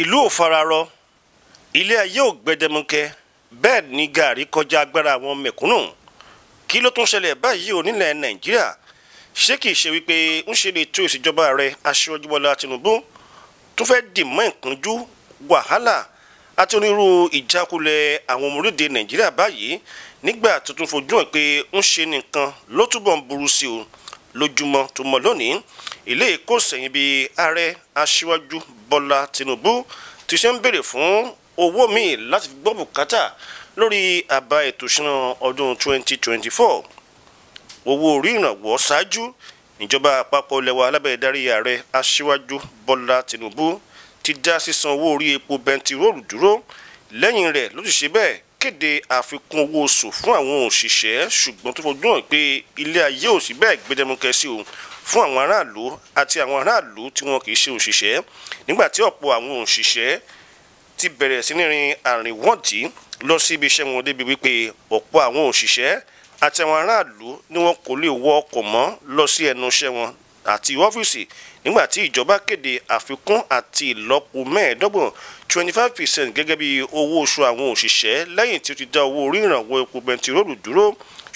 ìlú ò fararọ ilé ayé ò gbẹdẹmukẹ bẹ́ẹ̀ ni gàrí kọjá agbára àwọn mẹ̀kúnnù kí ló tún ṣẹlẹ̀ báyìí ò nílẹ̀ nàìjíríà ṣé kìí ṣe wípé ń ṣe lè tó ìṣèjọba rẹ̀ aṣíwájú Bọ́lá Tinubu tún fẹ́ dì mọ́ ìkúnjú wàhálà àti onírú ìjákulẹ̀ àwọn ọmọ orílẹ̀-èdè nàìjíríà báyìí nígbà tó tún fojú hàn pé ń ṣe nìkan ló túbọ̀ ń burú sí o lójúmọ́ tó mọ́ lónìí ilé ìkó sẹ́yìn bíi ààrẹ aṣíwájú bọ́lá tinubu ti ṣe ń béèrè fún owó míì láti fi gbọ́ bùkátà lórí àbá ètò ìṣúná ọdún 2024 owó orí ìrànwọ́ ṣáájú ìjọba àpapọ̀ lẹ́wà alábẹ́ ìdarí ààrẹ aṣíwájú bọ́lá tinubu ti dá sísan owó orí epo bẹntiróòlù dúró lẹ́yìn rẹ̀ ló ti ṣe bẹ́ẹ̀ kéde àfikún owó oṣù fún àwọn òṣìṣẹ́ ṣùgbọ́n tó fojú hàn pé ilé ayé ò sí bẹ́ẹ̀ gbẹdẹmukẹ òun fún àwọn aráàlú àti àwọn aráàlú tí wọn kì í ṣe òṣìṣẹ́ nígbà tí ọ̀pọ̀ àwọn òṣìṣẹ́ ti bẹ̀rẹ̀ sí ní rin àrìnwọ̀ntì lọ sí ibi iṣẹ́ wọn débi wípé ọ̀pọ̀ àwọn òṣìṣẹ́ àti àwọn aráàlú ni wọn kò lè wọ ọkọ̀ mọ́ lọ sí ẹnu iṣẹ́ wọn àti ọ́fíìsì nígbà tí ìjọba kéde àfikún àti ìlọ́po mẹ́ẹ̀ẹ́dọ́gbọ̀n twenty five percent gẹ́gẹ́ bí owó oṣù àwọn òṣìṣẹ́ lẹ́yìn tí ó ti dá owó orí ìrànwọ́ epo bẹntiróòlù dúró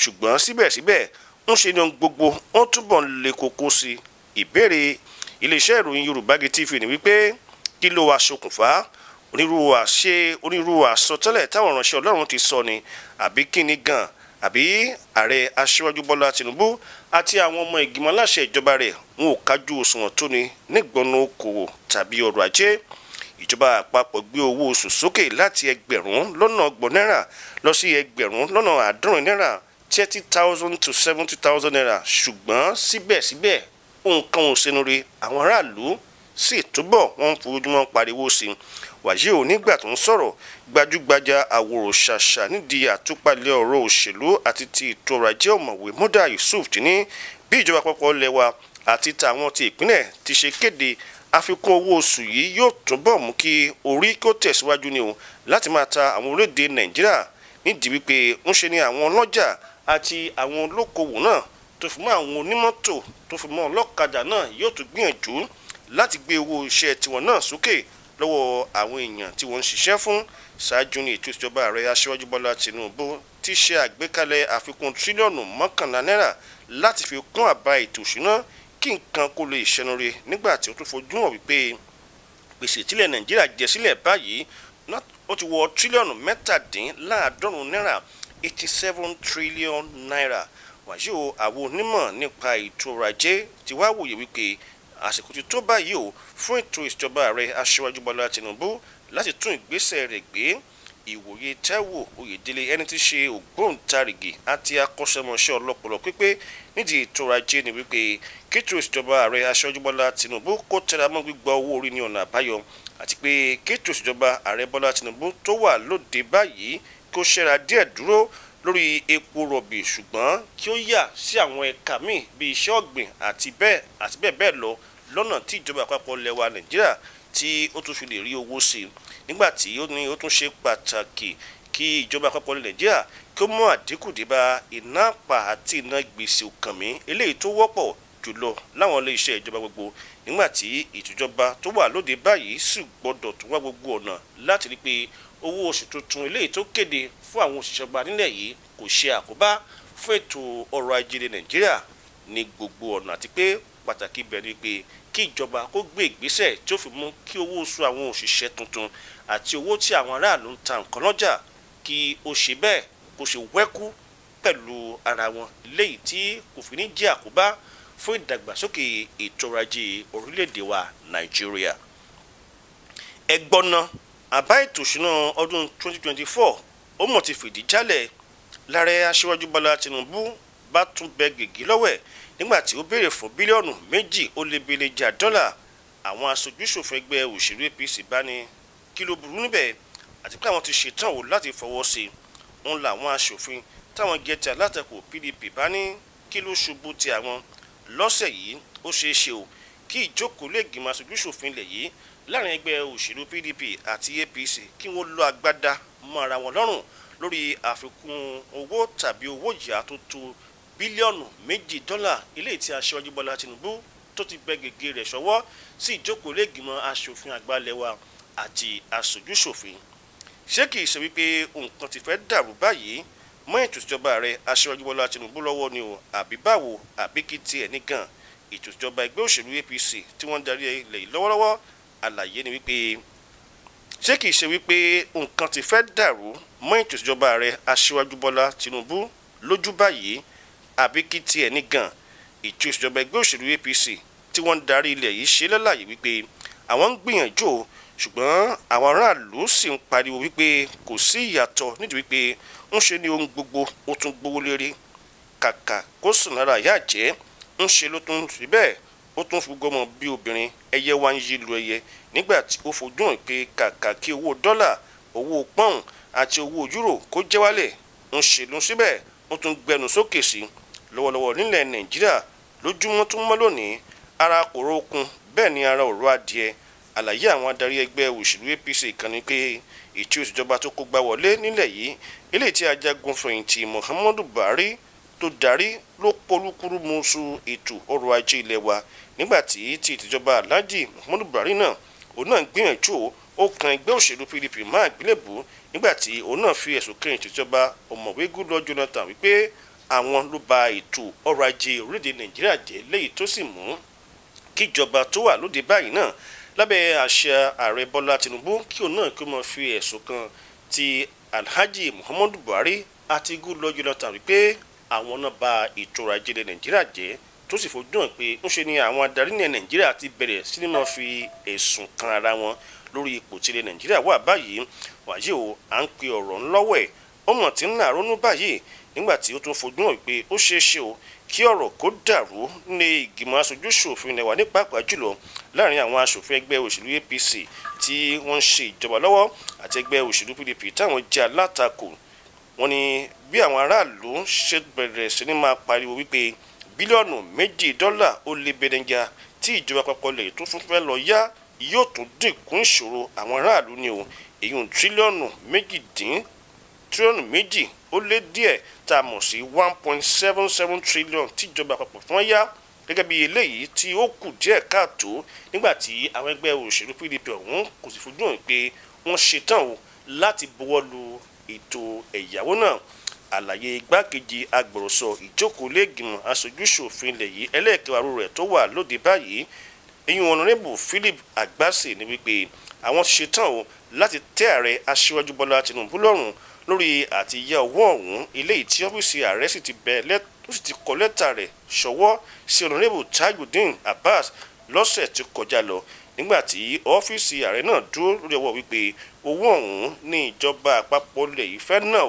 ṣùgbọ́n síbẹ̀síbẹ̀ ń ṣe ní gbogbo wọ́n túbọ̀ ń le koko sí i ìbéèrè iléeṣẹ́ ìròyìn Yorùbá Gidi TV ni wípé kí ló wàá ṣokùnfà onírúurú àṣe onírúurú àsọtẹ́lẹ̀ táwọn ìránṣẹ́ Ọlọ́run ti sọ ni àbí kí ni gan-an àbí ààrẹ aṣíwájú Bọ́lá Tinubu àti àwọn ọmọ ìgbìmọ̀ aláṣẹ ìjọba rẹ̀ wọn ò kájú òṣùwọ̀n tó ni nígbọnú okòwò tàbí ọrọ̀ ajé ìjọba àpapọ̀ gbé owó oṣù sókè láti ẹgbẹ̀rún lọ́nà ọgbọ̀n náírà lọ sí ẹgbẹ̀rún lọ́nà àádọ́rin náírà thirty thousand to seventy thousand naira ṣùgbọ́n síbẹ̀síbẹ̀ nǹkan ò ṣẹnu re àwọn aráàlú sì túbọ̀ wọ́n ń fojoojúmọ́ pariwo sí i wàyí ò nígbà tó ń sọ̀rọ̀ gbajúgbajà àwòrò ṣàṣà nídìí àtúpalẹ̀ ọ̀rọ̀ òṣèlú àti ti ètò ọrọ̀ ajé ọ̀mọ̀wé Muda Yusuf ti ní bí ìjọba àpapọ̀ lẹ́wà àti tàwọn ti ìpínlẹ̀ ti ṣe kéde àfikún owó oṣù yìí yóò túbọ̀ mú kí orí kó tẹ̀síwájú ni o láti máa ta àwọn orílẹ̀-èdè Nàìjíríà nídìí wípé ń ṣe ni àwọn ọlọ́jà àti àwọn olókoòwò náà tó fi mọ́ àwọn onímọ́tò tó fi mọ́ ọlọ́kadà náà yóò tún gbìyànjú láti gbé owó iṣẹ́ tiwọn náà sókè lọ́wọ́ àwọn èèyàn tí wọ́n ń ṣiṣẹ́ fún ṣáájú ní ètò ìjọba ààrẹ aṣíwájú bọ́lá tinubu ti ṣe àgbékalẹ̀ àfikún tírílíọ̀nù mọ́kànlá náírà láti fi kún àbá ètò ìṣúná kí nǹkan kó lè ṣẹnure nígbà tí ó tún fojú hàn wípé gbèsè tílẹ̀ nàìjíríà jẹ sílẹ̀ báyìí ó ti wọ tírílíọ̀nù mẹ́tàdínláàádọ́rùn-ún náírà eighty seven trillion naira wàyí o àwọn onímọ̀ nípa ètò ọrọ̀ ajé ti wá wòye wípé àsìkò ti tó báyìí o fún ètò ìjọba ààrẹ aṣíwájú bọ́lá tinubu láti tún ìgbésẹ̀ rẹ̀ gbé ìwòye táíwò oyèdélé ẹni tí ṣe ògbóǹtarìgì àti akọ́ṣẹ́mọṣẹ́ ọlọ́pọlọ pípé nídìí ètò ọrọ̀ ajé ni wípé kétò ìṣèjọba ààrẹ aṣíwájú bọ́lá tinubu kó tẹra mọ́ gbígbà owó orí ní ọ̀nà àbáyọ àti pé kétò ìṣèjọba ààrẹ bọ́lá tinubu tó wà lóde báyìí kó ṣẹ́ra díẹ̀ dúró lórí epo rọ̀bì ṣùgbọ́n kí ó yà sí àwọn ẹ̀ka míì bíi iṣẹ́ ọ̀gbìn àti bẹ́ẹ̀ àti bẹ́ẹ̀ bẹ́ẹ̀ lọ lọ́nà tí ìjọba àpapọ̀ lẹwa nàìjíríà tí ó tún fi lè rí owó sí i nígbà tí ó ní ó tún ṣe pàtàkì kí ìjọba àpapọ̀ nàìjíríà kí ó mú àdínkù dé iná pa àti iná gbèsè òkànmí eléyìí tó wọ́pọ̀ jùlọ láwọn ilé ìjọba gbogbo nígbà tí ìtújọba tó wà lóde báyìí sì gbọ́dọ̀ tún wá gbogbo ọ̀nà láti rí pé owó oṣù tuntun eléyìí tó kéde fún àwọn òṣìṣẹ́ ọba nílẹ̀ yìí kò ṣe àkóbá fún ètò ọrọ̀ ajé nàìjíríà ní gbogbo ọ̀nà àti pé pàtàkì ibẹ̀ ni pé kí ìjọba kó gbé ìgbésẹ̀ tí ó fi mú kí owó oṣù àwọn òṣìṣẹ́ tuntun àti owó tí àwọn aráàlú ń ta nǹkan lọ́jà kí ó ṣe bẹ́ẹ̀ kó ṣe wẹ́kú pẹ̀lú ara wọn léyìí tí kò fi ní jẹ́ àkóbá fún ìdàgbàsókè ètò ọrọ̀ ajé orílẹ̀-èdè wa nàìjíríà ẹgbọ́n náà àbá ètò ìṣúná ọdún 2024 ó mọ̀ ti fìdí jálẹ̀ lára aṣíwájú bọ́lá tinubu bá tún bẹ gègé lọ́wẹ̀ nígbà tí ó béèrè fún bílíọ̀nù méjì ó lé belejà dọ́là àwọn aṣojúṣòfin ẹgbẹ́ òṣèlú apc bá ní kí ló burú níbẹ̀ àti pé àwọn ti ṣetán wò láti fọwọ́ sí i ń la àwọn aṣòfin táwọn gẹ̀ẹ́tì alátakò pdp bá ní kí ló ṣubú ti àwọn lọ́sẹ̀ yìí ó ṣeé ṣe o kí ìjókòó lè gbìmọ̀ aṣojúṣòfin lẹ̀ yìí láàrin ẹgbẹ́ òṣèlú PDP àti APC kí wọ́n lọ agbádá mọ́ ara wọn lọ́rùn lórí àfikún owó tàbí owó ìyá tó tó bílíọ̀nù méjì dọ́là ilé tí aṣáájú Bọ́lá Tinubu tó ti bẹ́ gègé rẹ̀ ṣọwọ́ sí ìjókòó lẹ́gbìmọ̀ aṣòfin àgbà lẹ́wà àti aṣojúṣòfin ṣé kì í ṣe wípé nǹkan ti fẹ́ dàrú báyìí mọ́ ètò rẹ̀ aṣáájú Bọ́lá Tinubu lọ́wọ́ ni o àbí báwo àbí kí tiẹ̀ nìkan ètò ẹgbẹ́ òṣèlú APC tí wọ́n ń darí ilẹ̀ yìí lọ́wọ́lọ́wọ́ àlàyé ni wípé ṣé kìí ṣe wípé nǹkan ti fẹ́ dàrú mọ́ ètò ìṣèjọba rẹ̀ aṣíwájú bọ́lá tinubu lójú báyìí àbí kí tiẹ̀ ní gan ètò ìṣèjọba ẹgbẹ́ òṣèlú apc tí wọ́n ń darí ilẹ̀ yìí ṣe lálàyé wípé àwọn ń gbìyànjú ṣùgbọ́n àwọn aráàlú sì ń pariwo wípé kò sí ìyàtọ̀ nídìí wípé ń ṣe ni ohun gbogbo ó tún gbówó lérí kàkà kó sùn lára ìyá àjẹ́ ń ṣe ló tún rí bẹ́ẹ̀ ó tún ṣùgbọ́n mọ bí obìnrin ẹyẹ wá ń yí lu ẹyẹ nígbà tí ó fojú hàn pé kàkà kí owó dọ́là owó pọ́ùn àti owó yúrò kó jẹ́ wálẹ̀ ń ṣèlú síbẹ̀ ó tún gbẹnu sókè sí lọ́wọ́lọ́wọ́ nílẹ̀ nàìjíríà lójúmọ́ tó mọ́ lónìí ara kòró okun bẹ́ẹ̀ ni ara òró adìẹ àlàyé àwọn adarí ẹgbẹ́ òṣèlú apc kan ni pé ètò ìṣèjọba tó kógbá wọlé nílẹ̀ yìí eléyìí tí ajagun fẹ̀yìntì muhammadu buhari tó darí ló polúkúrú musu ètò ọrọ̀ ajé ilé wa nígbàtí ti ìtìjọba Alhaji Muhammadu Buhari náà òun náà gbìyànjú ó kan ẹgbẹ́ òṣèlú PDP má àgbélébù nígbàtí òun náà fi ẹ̀sùn kan ìtìjọba ọ̀mọ̀wé Goodluck Jonathan wípé àwọn ló ba ètò ọrọ̀ ajé orílẹ̀-èdè Nàìjíríà jẹ́ léyìí tó sì mú kíjọba tó wà lóde báyìí náà lábẹ́ àṣẹ ààrẹ Bọ́lá Tinubu kí òun náà kí ó fi ẹ̀sùn kan ti Alhaji Muhammadu Buhari àti Goodluck Jonathan wípé àwọn náà bà ètò ọrọ̀ ajé ilẹ̀ nàìjíríà jẹ́ tó sì fojú hàn pé ńṣe ni àwọn adarí ilẹ̀ nàìjíríà ti bẹ̀rẹ̀ sí ni máa fi ẹ̀sùn kan ara wọn lórí ipò tí ilẹ̀ nàìjíríà wà báyìí wàyí o à ń pe ọ̀rọ̀ ńlọ́wẹ̀ ọmọ tí ń nà ronú báyìí nígbà tí ó tún fojú hàn pé ó ṣeé ṣe o kí ọ̀rọ̀ kó dàrú ní ìgbìmọ̀ aṣojú ṣòfin ilẹ̀ wa ní pàápàá jùlọ láàrin àwọn aṣòfin ẹgbẹ́ òṣèlú APC tí wọ́n ń ṣe ìjọba lọ́wọ́ àti ẹgbẹ́ òṣèlú PDP táwọn jẹ́ alátakò wọ́n ní bí àwọn aráàlú ṣe bẹ̀rẹ̀ sí ni máa pariwo wípé bílíọ̀nù méjì dọ́là ó lé bẹ̀rẹ̀njà tí ìjọba àpapọ̀ lè tún fún fẹ́ lọ yá yóò tún dínkù ìṣòro àwọn aráàlú ni o èyí ń tírílíọ̀nù méjì dín tírílíọ̀nù méjì ó lé díẹ̀ tá a mọ̀ sí one point seven seven trillion tí ìjọba àpapọ̀ fún yá gẹ́gẹ́ bí eléyìí tí ó kù díẹ̀ káàtó nígbà tí àwọn ẹgbẹ́ òṣèlú pdp ọ̀hún kò sì fojú hàn pé wọ́n ṣetán o láti buwọ́ lu ètò ẹ̀yáwó náà àlàyé igbákejì agbòròsọ ìjókòó lẹ́gbìmọ̀ aṣojúṣòfin ilẹ̀ yìí ẹlẹ́ẹ̀kẹwàá rẹ̀ tó wà lóde báyìí ìyún ọ̀nàrẹ́bù Philip Agbase ni wípé àwọn ti ṣetán o láti tẹ́ ààrẹ aṣíwájú Bọ́lá Tinubu lọ́rùn lórí àti yá owó ọ̀hún eléyìí tí ọ́fíìsì ààrẹ sì ti bẹ̀ ó sì ti kọ lẹ́tà rẹ̀ ṣọwọ́ sí ọ̀nàrẹ́bù Tajudeen Abbas lọ́sẹ̀ tó kọjá lọ nígbà tí ọ́fíìsì ààrẹ náà dúró lórí ọwọ́ wípé owó ọ̀hún ní ìjọba àpapọ̀ ilẹ̀ yìí fẹ́ náà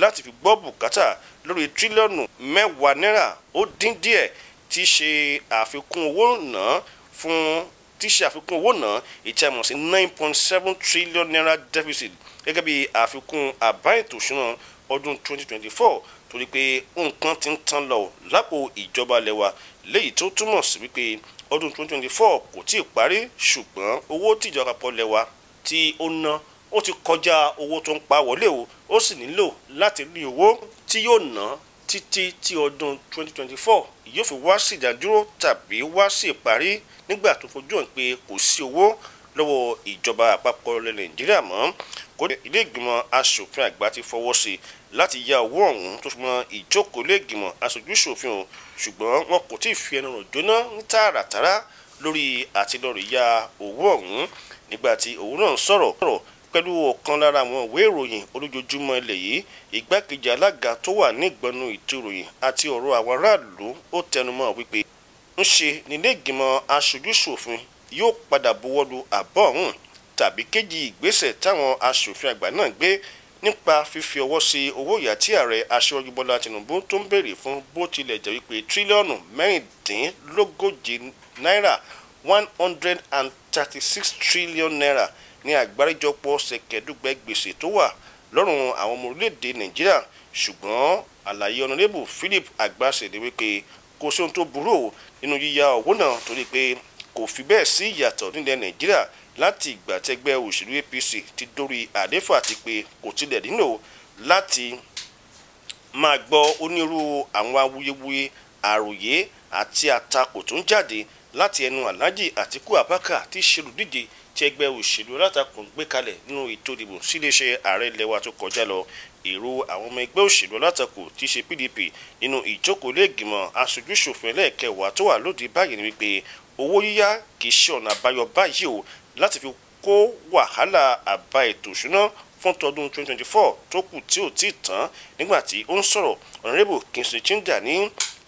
láti fi gbọ́ bùkátà lórí tírílíọ̀nù mẹ́wàá náírà ó dín díẹ̀ tí ṣe àfikún owó náà fún tí ṣe àfikún owó náà ìtẹ̀mọ̀ sí nine point seven trillion naira deficit gẹ́gẹ́ bí àfikún àbá ètò ìṣúná ọdún twenty twenty four torí pé nǹkan ti ń tán lọ lápò ìjọba lẹ́wà léyìí tó túmọ̀ sí wípé ọdún 2024 kò tí ì parí ṣùgbọ́n owó tíjọba àpapọ̀ wa tí ó ná ó ti kọjá owó tó ń pa wọlé o ó sì nílò láti rí owó tí yóò ná títí tí ọdún 2024 yóò fi wá sí ìdádúró tàbí wá sí ìparí nígbà tó fojú hàn pé kò sí owó lọ́wọ́ ìjọba àpapọ̀ ilẹ̀ nàìjíríà mọ́ kó ilé ìgbìmọ̀ asòfin àgbà ti fọwọ́ sí i láti ya owó ọ̀hún tó mọ ìjókòó lé ìgbìmọ̀ aṣojúṣòfin o ṣùgbọ́n wọn kò tí ì fi ẹnu rò jóná ní tààràtàrà lórí àtìlọ́rì ya owó ọ̀hún nígbà tí òun náà sọ̀rọ̀ pẹ̀lú ọ̀kan lára àwọn ìwé ìròyìn olójoojúmọ́ ilẹ̀ yìí ìgbákejì alága tó wà ní ìgbọ́nu ètò àti ọ̀rọ̀ àwọn aráàlú ó tẹnumọ́ wípé ń ṣe nílé ìgbìmọ̀ aṣojúṣòfin yóò padà buwọ́lu àbọ̀ ọ̀hún tàbí kéjì ìgbésẹ̀ táwọn aṣòfin àgbà náà gbé nípa fífi ọwọ́ sí owó ìyá tí ààrẹ aṣíwájú bọ́lá tinubu tó ń béèrè fún bó tilẹ̀ jẹ́ wípé tírílíọ̀nù mẹ́rìndínlógójì náírà one hundred and thirty six trillion naira ní àgbáríjọpọ̀ ṣẹ̀kẹ̀dúgbẹ̀ gbèsè tó wà lọ́rùn àwọn ọmọ orílẹ̀-èdè nàìjíríà ṣùgbọ́n àlàyé ọ̀nàdébù philip àgbà ṣèlérí pé kò sí ohun tó burú nínú yíya owó náà torí pé kò fi bẹ́ẹ̀ sí ìyàtọ̀ nílẹ̀ nàìjíríà láti ìgbà tẹgbẹ́ òṣèlú apc ti dórí àléfà àti pé kò tilẹ̀ nílò láti máa gbọ́ onírúurú àwọn awuyewuye àròyé àti àtakò tó ń jáde láti ẹnu alhaji atiku abubakar tí ṣerùdíje tí ẹgbẹ́ òṣèlú alátakò ń gbé kalẹ̀ nínú ètò ìdìbò síléeṣẹ́ ààrẹ ilẹ̀ wa tó kọjá lọ èrò àwọn ọmọ ẹgbẹ́ òṣèlú alátakò tí ṣe pdp nínú ìjókòó ilé aṣojú ṣòfin ẹlẹ́ẹ̀kẹwàá tó wà lóde báyìí ni wípé owó yíyá kì í ṣe ọ̀nà àbáyọ báyìí o láti fi kó wàhálà àbá ètò ìṣúná fún tọdún 2024 tó kù tí ò tí ì tán nígbà tí ó ń sọ̀rọ̀ ọ̀nàrẹ́bù Kingsley Chindaya ní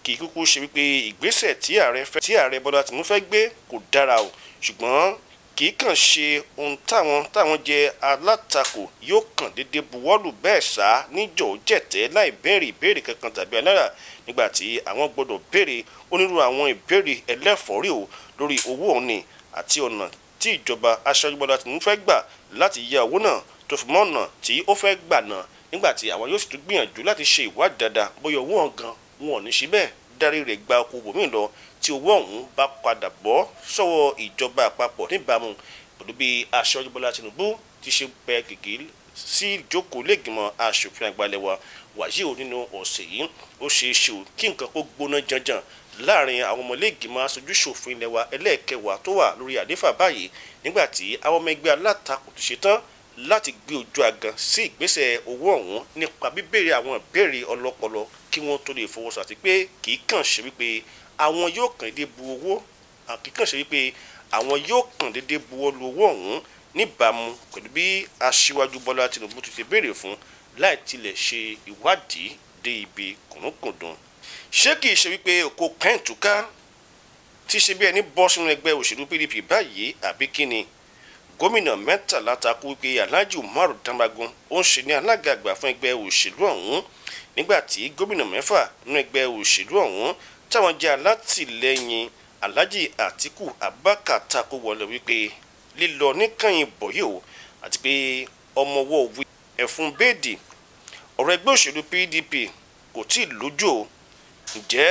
kì í kúkú ṣe wípé ìgbésẹ̀ tí ààrẹ Bọ́lá Tinubu fẹ́ gbé kò dára o ṣùgbọ́n kì í kàn ṣe ohun táwọn táwọn jẹ alátakò yóò kàn déédé buwọ́lù bẹ́ẹ̀ sá níjọ́ jẹ̀tẹ́ láì béèrè ìbéèrè kankan tàbí alára nígbà tí àwọn gbọ́dọ̀ béèrè onírúurú àwọn ìbéèrè ẹlẹ́fọ̀ọ́rí o lórí owó òní àti ọ̀nà tí ìjọba aṣọ́júbọ́dá ti ń fẹ́ gbà láti yá owó náà tó fi mọ́ ọ̀nà tí ó fẹ́ gbà náà nígbà tí àwọn yóò sì tún gbìyànjú láti ṣe ìwádìí dáadáa bóyá owó ọ̀gán wọn ò ní ṣe bẹ́ẹ̀ darí rẹ̀ gba okòwò míì lọ tí owó ọ̀hún bá padà bọ́ sọ́wọ́ ìjọba àpapọ̀ níbàámu pẹ̀lú bí aṣọ́jú Bọ́lá Tinubu ti ṣe pẹ́ gègé sí ìjókòó lẹ́gbìmọ̀ aṣòfin àgbàlẹ̀ wàyí ò nínú ọ̀sẹ̀ yìí ó ṣeé ṣe ò kí nǹkan kó gbóná janjan láàrin àwọn ọmọlẹ́gbìmọ̀ aṣojúṣòfin ilẹ̀ wa ẹlẹ́ẹ̀kẹwàá tó wà lórí àléfà báyìí nígbà tí àwọn ọmọ ẹgbẹ́ alátakò ti ṣetán láti gbé ojú agan sí ìgbésẹ̀ owó ọ̀hún nípa bíbèrè àwọn ìbéèrè ọlọ́pọlọ kí wọ́n tó lè fọwọ́sọ àti pé kì í kàn ṣe wípé àwọn yóò kàn déédéé bu owó àkíkàn ṣe wípé àwọn yóò kàn déédéé bu ọlù owó ọ̀hún níbàámu pẹ̀lú bí aṣíwájú bọ́lá tinubu ti ṣe béèrè fún láì tilẹ̀ ṣe ìwádìí dé ibi kùnúnkùndùn ṣé kì í ṣe wípé òkò pẹ́ǹtùká ti ṣe bí ẹni bọ́ sínú ẹgbẹ́ òṣèlú pdp báyìí àbí kí ni gómìnà mẹ́tàlá takú wípé alhaji umar dambagun ó ń ṣe ní alága àgbà fún ẹgbẹ́ òṣèlú ọ̀hún nígbà tí gómìnà mẹ́fà nínú ẹgbẹ́ òṣèlú ọ̀hún táwọn jẹ́ alátìlẹ́yìn Alhaji Atiku abaka tako wọlé wípé lílọ níkànnì bọ̀yì o àti pé ọmọ ọwọ́ òwe ẹ̀fún bẹ́ẹ̀dì ọ̀rọ̀ ẹgbẹ́ òṣèlú PDP kò tí ì lójú o ǹjẹ́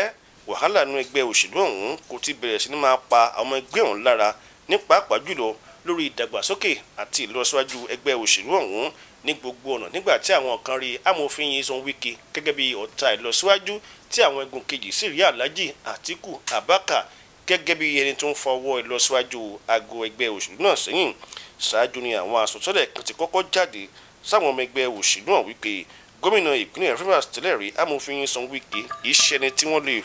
wàhálà inú ẹgbẹ́ òṣèlú ọ̀hún kò ti bẹ̀rẹ̀ sí ni máa pa àwọn ẹgbẹ́ ọ̀hún lára ní pàápàá jùlọ lórí ìdàgbàsókè àti ìlọsíwájú ẹgbẹ́ òṣèlú ọ̀hún ní gbogbo ọ̀nà nígbà tí àwọn kan rí amòfin Nyesom Wike gẹ́gẹ́ bí ọ̀tá ìlọsíwájú tí àwọn igun kejì sì rí Alhaji Atiku abaka gẹ́gẹ́ bí ẹni tó ń fọwọ́ ìlọsíwájú àgọ́ ẹgbẹ́ òṣèlú náà sẹ́yìn ṣáájú ni àwọn àsọtẹ́lẹ̀ kan ti kọ́kọ́ jáde sáwọn ọmọ ẹgbẹ́ òṣèlú náà wípé gómìnà ìpínlẹ̀ Rivers tẹ́lẹ̀ rí amòfin San Wike kì í tí wọ́n lè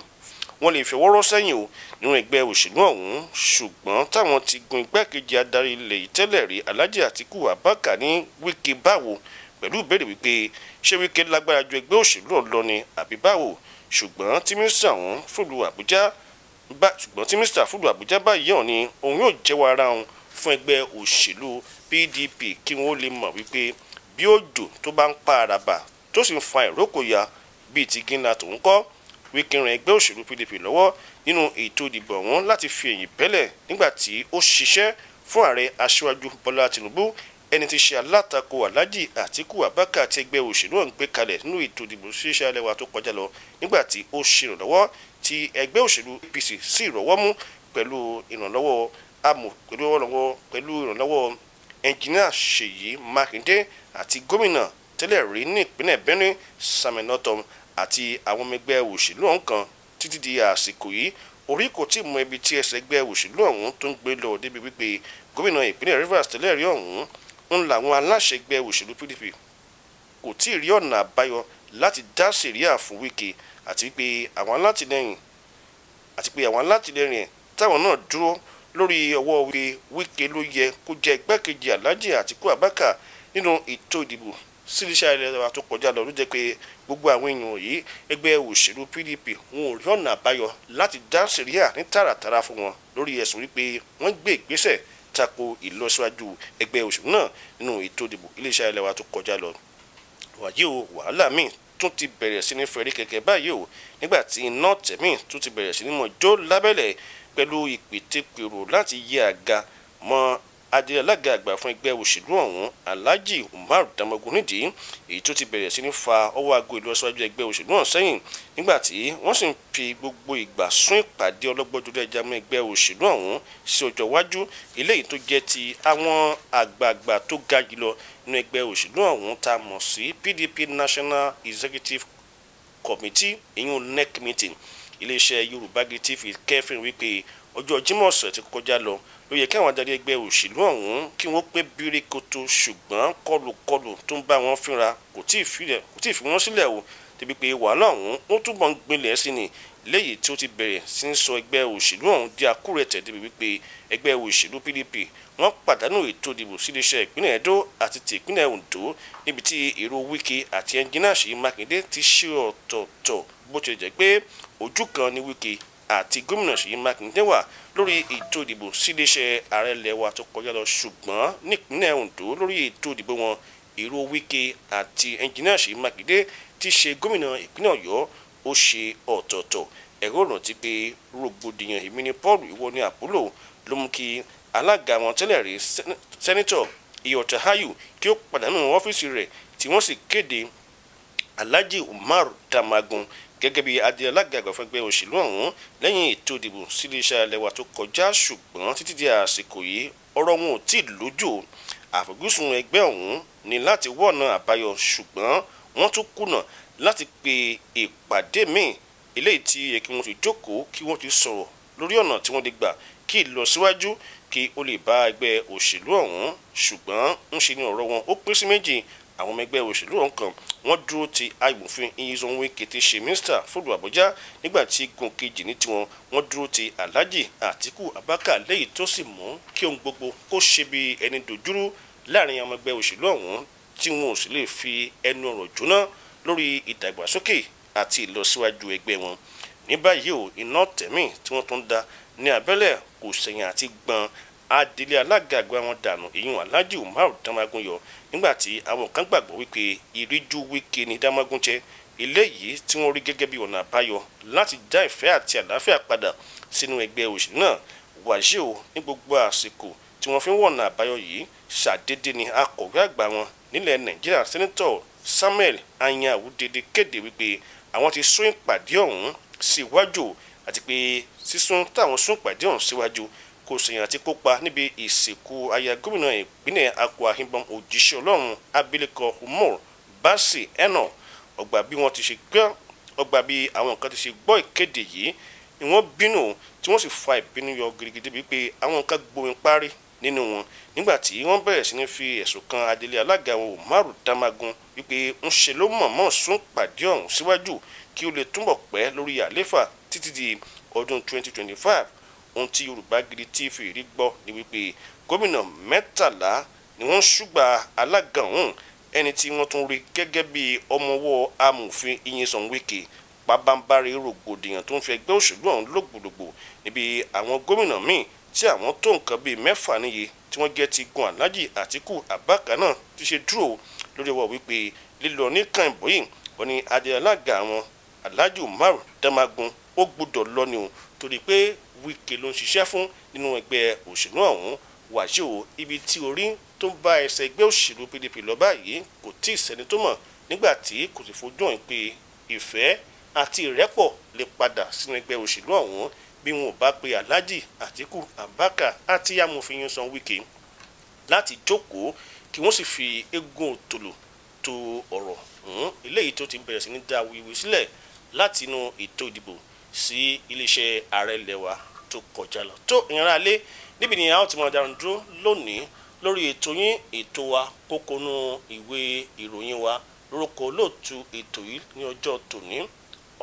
wọ́n lè sẹ́yìn o nínú ẹgbẹ́ òṣèlú ọ̀hún ṣùgbọ́n táwọn ti gun igbákejì adarí ilẹ̀ yìí tẹ́lẹ̀ rí Alhaji Atiku abaka ní Wike báwo pẹ̀lú ìbéèrè wípé ṣé Wike lágbára ju ẹgbẹ́ òṣèlú ọ̀lọ́ ni àbí báwo ṣùgbọ́n tí mínísítà ọ̀hún fúlù àbújá bá ṣùgbọ́n tí mínísítà fúlù àbújá báyìí hàn ni òun yóò jẹ́wọ́ ara òun fún ẹgbẹ́ òṣèlú PDP kí wọ́n lè mọ̀ wípé bí òjò tó bá ń pa àràbà tó sì ń fa ìrókòyà bíi ti gínà tó ń kọ́ wíkìrìn ẹgbẹ́ òṣèlú PDP lọ́wọ́ nínú ètò ìdìbò ọ̀hún láti fi èyí bẹ́lẹ̀ nígbà tí ó ṣiṣẹ́ fún ààrẹ aṣíwájú Bọ́lá Tinubu ẹni tí ṣe alátakò aláàjì àtìkù abáka ti ẹgbẹ́ òṣèlú ọ̀hún gbé kalẹ̀ nínú ètò ìdìbò ṣíṣe alẹ́ wa tó kọjá lọ nígbà tí ó ṣe ìrànlọ́wọ́ tí ẹgbẹ́ òṣèlú APC sí ìrọ̀wọ́ mú pẹ̀lú ìrànlọ́wọ́ amò pẹ̀lú ìrànlọ́wọ́ pẹ̀lú ìrànlọ́wọ́ ẹnjìníà Ṣèyí Mákindé àti gómìnà tẹ́lẹ̀ rí ní ìpínlẹ̀ Benue Samuel Ortom àti àwọn ọmọ ẹgbẹ́ òṣèlú ọ̀hún kan títí di àsìkò yìí orí kò tí ì mọ ibi tí ẹsẹ̀ ẹgbẹ́ òṣèlú ọ̀hún tó ń gbé lọ débi wípé gómìnà ìpínlẹ̀ Rivers tẹ́lẹ̀ rí ọ̀hún ń làwọn aláṣẹ ẹgbẹ́ òṣèlú pdp kò tí ì rí ọ̀nà àbáyọ láti dá sẹ̀ríà fún wíkẹ́ àti pé àwọn alátìlẹ́yìn àti pé àwọn alátìlẹ́yìn táwọn náà dúró lórí ọwọ́ wíkẹ́ wíkẹ́ ló yẹ kó jẹ́ igbákejì aláàjì àtìkú abákà nínú ètò ìdìbò síléṣà ilẹ̀ wa tó kọjá lọ ló jẹ́ pé gbogbo àwọn èèyàn yìí ẹgbẹ́ òṣèlú pdp wọn ò rí ọ̀nà àbáyọ láti dá sẹ̀ríà ní tààràtàrà fún wọn lórí ẹ̀sùn wípé wọ́n gbé ìgbésẹ̀ tako ìlọsíwájú ẹgbẹ́ òṣèlú náà nínú ètò ìdìbò iléeṣẹ́ ilẹ̀ wa tó kọjá lọ wàyí o wàhálà míì tún ti bẹ̀rẹ̀ sí ní fẹ̀rí kẹ̀kẹ́ báyìí o nígbà tí iná tẹ̀mí tún ti bẹ̀rẹ̀ sí ní mọ̀ lábẹ́lẹ̀ pẹ̀lú ìpètèpèrò láti yí àga mọ́ adìyẹ alága àgbà fún ẹgbẹ́ òṣèlú ọ̀hún alhaji umar damagun nídìí èyí tó ti bẹ̀rẹ̀ sí ní fa ọwọ́ aago ìlú aṣáájú ẹgbẹ́ òṣèlú ọ̀hún sẹ́yìn nígbà tí wọ́n sì ń fi gbogbo ìgbà sún ìpàdé ọlọ́gbọ́dúnrún ẹja mọ́ ẹgbẹ́ òṣèlú ọ̀hún sí ọjọ́ iwájú eléyìí tó jẹ́ ti àwọn àgbààgbà tó ga jùlọ nínú ẹgbẹ́ òṣèlú ọ̀hún tá a mọ̀ sí pdp national executive committee ìyún nec meeting iléeṣẹ́ yorùbá gate tv kẹ́fìn wípé ọjọ́ jímọ̀ ọ̀sẹ̀ ti kọjá lọ ló yẹ kí àwọn adarí ẹgbẹ́ òṣèlú ọ̀hún kí wọ́n pé bírékoto ṣùgbọ́n kọlùkọlù tó ń bá wọn fínra kò tí ì fi wọ́n sílẹ̀ o débi pé wàhálà ọ̀hún ó túbọ̀ ń gbinlẹ̀ sí ni léyìí tí ó ti bẹ̀rẹ̀ sí ń sọ ẹgbẹ́ òṣèlú ọ̀hún di àkúrẹ̀tẹ̀ débi wípé ẹgbẹ́ òṣèlú PDP wọ́n pàdánù ètò ìdìbò síléeṣẹ́ ìpínlẹ̀ Edo àti ti ìpínlẹ̀ Ondo níbi tí èrò Wike àti ẹnjìnà Ṣèyí Mákindé ti ṣe ọ̀tọ̀ọ̀tọ̀ bó ti jẹ́ pé ojú kan ni Wike àti gómìnà Ṣèyí Mákindé wà lórí ètò ìdìbò síléeṣẹ́ ààrẹ ilẹ̀ wa tó kọjá lọ ṣùgbọ́n nípínlẹ̀ Ondo lórí ètò ìdìbò wọn Iro Wike àti ẹnjìníà Ṣèyí Mákindé ti ṣe gómìnà ìpínlẹ̀ Ọ̀yọ́ ó ṣe ọ̀tọ̀ọ̀tọ̀ ẹ̀rọ rántí pé rògbòdìyàn èmi ni Paul ìwọ ni àpólò ló mú kí alága wọn tẹ́lẹ̀ rí sẹ́nitọ̀ Iyotahayu kí ó pàdánù ọ́fíìsì rẹ̀ tí wọ́n sì kéde Alhaji Umar Damagun gẹ́gẹ́ bí adéọlá gàgbà fún ẹgbẹ́ òṣèlú ọ̀hún lẹ́yìn ètò ìdìbò síléeṣẹ́ ẹlẹ́wà tó kọjá ṣùgbọ́n títí di àsìkò yìí ọ̀rọ̀ wọn ò tí ì lójú àfojúsùn ẹgbẹ́ ọ̀hún ni láti wọ̀nà àbáyọ ṣùgbọ́n wọ́n tún kùnà láti pe ìpàdé míì eléyìí tí yẹ kí wọ́n ti jókòó kí wọ́n ti sọ̀rọ̀ lórí ọ̀nà tí wọ́n ti gbà kí ìlọsíwájú kí ó lè bá ẹgbẹ́ òṣèlú ọ̀hún ṣùgbọ́n ń ṣe ni ọ̀rọ̀ wọn ó pín sí méjì àwọn ọmọ ẹgbẹ́ òṣèlú ọ̀kan wọ́n dúró ti agbòfin Nyesom Wike tí ṣe mínísítà fúlù Àbújá nígbà tí igun kejì ní tiwọn wọ́n dúró ti Alhaji Atiku abaka lẹ́yìn tó sì mú kí ohun gbogbo kó ṣe bí ẹni dojúrú láàrin àwọn ẹgbẹ́ òṣèlú ọ̀hún tí wọn ò sì lè fi ẹnu ọ̀rọ̀ jóná lórí ìdàgbàsókè àti ìlọsíwájú ẹgbẹ́ wọn ní báyìí ò iná tẹ̀mí tí wọ́n tún da ní abẹ́lẹ̀ kò sẹ̀yìn àti gbọ́n adelé alága àgbà wọn dànù ìyún alhaji umar damagun yọ nígbà àwọn kan gbàgbọ́ wípé ìríjú wíkẹ́ ni damagun jẹ́ eléyìí tí wọ́n rí gẹ́gẹ́ bí ọ̀nà àbáyọ láti dá ìfẹ́ àti àlàáfíà padà sínú ẹgbẹ́ òṣèlú náà wàṣíù ní gbogbo àsìkò tí wọ́n fi ń wọ̀nà àbáyọ yìí ṣàdédé ni akọ̀wé àgbà wọn nílẹ̀ nàìjíríà sẹ́nitọ̀ samuel anyanwu dédé kéde wípé àwọn ti sún ìpàdé ọ̀hún síwájú àti pé sísún táwọn sún ìpàdé ọ̀hún síwájú kò ṣèyàn àti kópa níbi ìsìnkú aya gómìnà ìpínlẹ̀ Akwa Ibom òjíṣẹ́ ọlọ́run abilékọ Umar Bassey Eno ọgbà bí wọ́n ti ṣe gbọ́ ọgbà bí àwọn nǹkan ti ṣe gbọ́ ìkéde yìí ni wọ́n bínú tí wọ́n sì fa ìbínú yọ gidigidi bíi pé àwọn nǹkan gbomi parí nínú wọn nígbà tí wọ́n bẹ̀rẹ̀ sí ní fi ẹ̀sùn kan adelé alága wọn Umaru Damagun wípé ń ṣe ló mọ̀ọ́mọ̀ sún pàdé ọ̀hún síwájú kí ó lè túbọ̀ pẹ́ lórí àléfà títí di ọdún 2025 ohun tí Yorùbá Gidi TV rí gbọ́ ni wípé gómìnà mẹ́tàlá ni wọ́n ṣùgbà alága ọ̀hún ẹni tí wọ́n tún rí gẹ́gẹ́ bí ọmọwọ́ amòfin Nyesom Wike pabambarì rògbòdìyàn tó ń fi ẹgbẹ́ òṣèlú ọ̀hún lògbòdògbò níbi àwọn gómìnà míì tí àwọn tó nǹkan bíi mẹ́fà níye tí wọ́n jẹ́ ti gun Alhaji Atiku Abubakar náà ti ṣe dúró lórí ọwọ́ wípé lílọ ní kàìbó yìí wọ́n ní adé alága àwọn Alhaji Umar Damagun ó gbúdọ̀ lọ ni o torí pé Wike ló ń ṣiṣẹ́ fún nínú ẹgbẹ́ òṣèlú ọ̀hún Wàsíù ibi tí orí tó ń bá ẹsẹ̀ ẹgbẹ́ òṣèlú PDP lọ báyìí kò tí ì sẹ́ni tó mọ̀ nígbà tí kò sì fojú hàn pé ìfẹ́ àti ìrẹ́pọ̀ lè padà sínú ẹgbẹ́ òṣèlú ọ̀hún bí wọn ò bá pe Alhaji Atiku abaka àti amòfin Nyesom Wike láti jókòó kí wọ́n sì fi eégún òtòlò to ọ̀rọ̀ eléyìí tó ti bẹ̀rẹ̀ sí ní dá wíwí sílẹ̀ látinú ètò ìdìbò sí iléeṣẹ́ ààrẹ ilẹ̀ wa tó kọjá lọ tó ìran alẹ́ níbi ni àwọn ti máa dáhùn dúró lónìí lórí ètò yín ètò wa kókónú ìwé ìròyìn wa lórúkọ olóòtú ètò yìí ní ọjọ́ tòní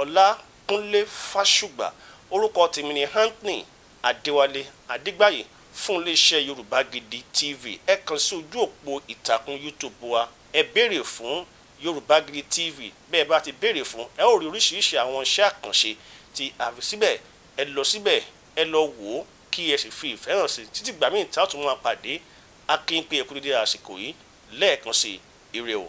ọlákúnlé fásùgbà orúkọ tèmi ni hankney adéwálé adégbáyé fún iléeṣẹ́ yorùbá gidi tv ẹ kàn sí ojú òpó ìtàkùn youtube wa ẹ béèrè fún yorùbá gidi tv bẹ́ẹ̀ bá ti béèrè fún ẹ ó rí oríṣiríṣi àwọn iṣẹ́ àkànṣe ti àfi síbẹ̀ ẹ lọ síbẹ̀ ẹ lọ wò ó kí ẹ sì fi ìfẹ́ hàn sí i títí gbàmí ìtàtúmọ̀ àpàdé akínpé ẹ̀kú dédé àsìkò yìí lẹ́ẹ̀kan sí ire o